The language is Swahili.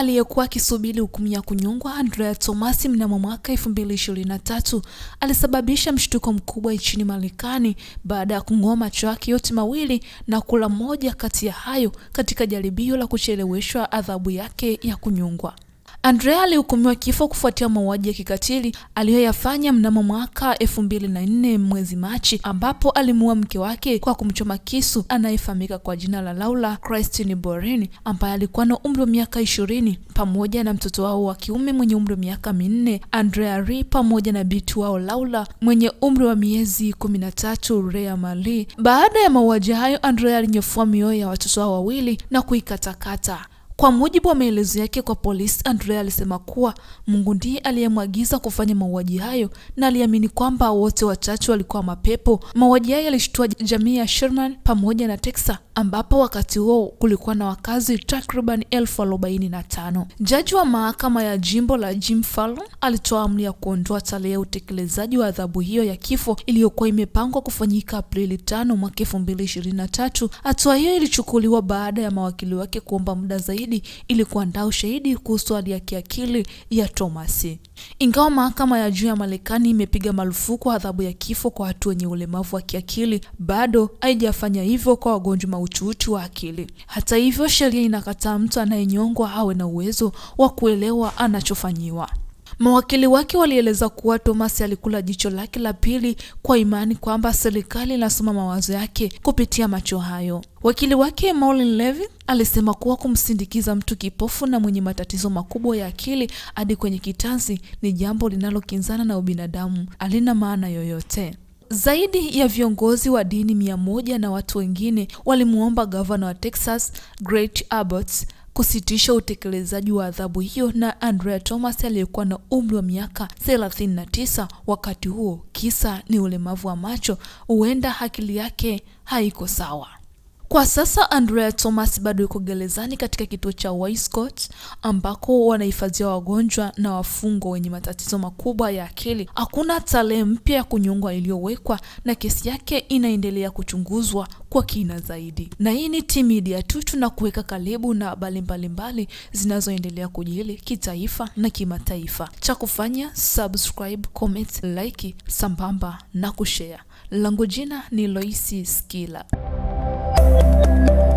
aliyekuwa akisubiri hukumu ya kunyongwa Andrea Thomas mnamo mwaka 2023 alisababisha mshtuko mkubwa nchini Marekani baada ya kung'oa macho yake yote mawili na kula moja kati ya hayo katika jaribio la kucheleweshwa adhabu yake ya kunyongwa. Andrea alihukumiwa kifo kufuatia mauaji ya kikatili aliyoyafanya mnamo mwaka elfu mbili na nne mwezi Machi, ambapo alimuua mke wake kwa kumchoma kisu anayefahamika kwa jina la Laura Christine Borini ambaye alikuwa na umri wa miaka ishirini pamoja na mtoto wao wa kiume mwenye umri wa miaka minne Andrea Ri pamoja na binti wao Laura mwenye umri wa miezi kumi na tatu Rea mali Baada ya mauaji hayo, Andrea alinyofua mioyo ya watoto hao wawili na kuikatakata. Kwa mujibu wa maelezo yake kwa polisi, Andrea alisema kuwa Mungu ndiye aliyemwagiza kufanya mauaji hayo na aliamini kwamba wote wachache walikuwa mapepo. Mauaji hayo yalishtua jamii ya Sherman pamoja na Texas, ambapo wakati huo kulikuwa na wakazi takriban elfu arobaini na tano. Jaji wa mahakama ya jimbo la Jim Fallon alitoa amri ya kuondoa tarehe ya utekelezaji wa adhabu hiyo ya kifo iliyokuwa imepangwa kufanyika Aprili tano mwaka elfu mbili ishirini na tatu. Hatua hiyo ilichukuliwa baada ya mawakili wake kuomba muda zaidi zaidi ili kuandaa ushahidi kuhusu hali ya kiakili ya Thomas. Ingawa mahakama ya juu ya Marekani imepiga marufuku adhabu ya kifo kwa watu wenye ulemavu wa kiakili, bado haijafanya hivyo kwa wagonjwa mahututi wa akili. Hata hivyo, sheria inakataa mtu anayenyongwa awe na uwezo wa kuelewa anachofanyiwa. Mawakili wake walieleza kuwa Thomas alikula jicho lake la pili kwa imani kwamba serikali inasoma mawazo yake kupitia macho hayo. Wakili wake Maureen Levy alisema kuwa kumsindikiza mtu kipofu na mwenye matatizo makubwa ya akili hadi kwenye kitanzi ni jambo linalokinzana na ubinadamu, halina maana yoyote. Zaidi ya viongozi wa dini mia moja na watu wengine walimwomba gavana wa Texas Gretchen Abbott kusitisha utekelezaji wa adhabu hiyo na Andrea Thomas aliyekuwa na umri wa miaka 39 wakati huo, kisa ni ulemavu wa macho, huenda akili yake haiko sawa. Kwa sasa Andrea Thomas bado yuko gerezani katika kituo cha Wiscot ambako wanahifadhia wagonjwa na wafungwa wenye matatizo makubwa ya akili. Hakuna tarehe mpya ya kunyongwa iliyowekwa na kesi yake inaendelea kuchunguzwa kwa kina zaidi. Na hii ni T Media tu tunakuweka karibu na habari mbalimbali zinazoendelea kujili kitaifa na kimataifa. Cha kufanya subscribe, comment, like sambamba na kushare. Langu jina ni Loisi Skila. Thank you.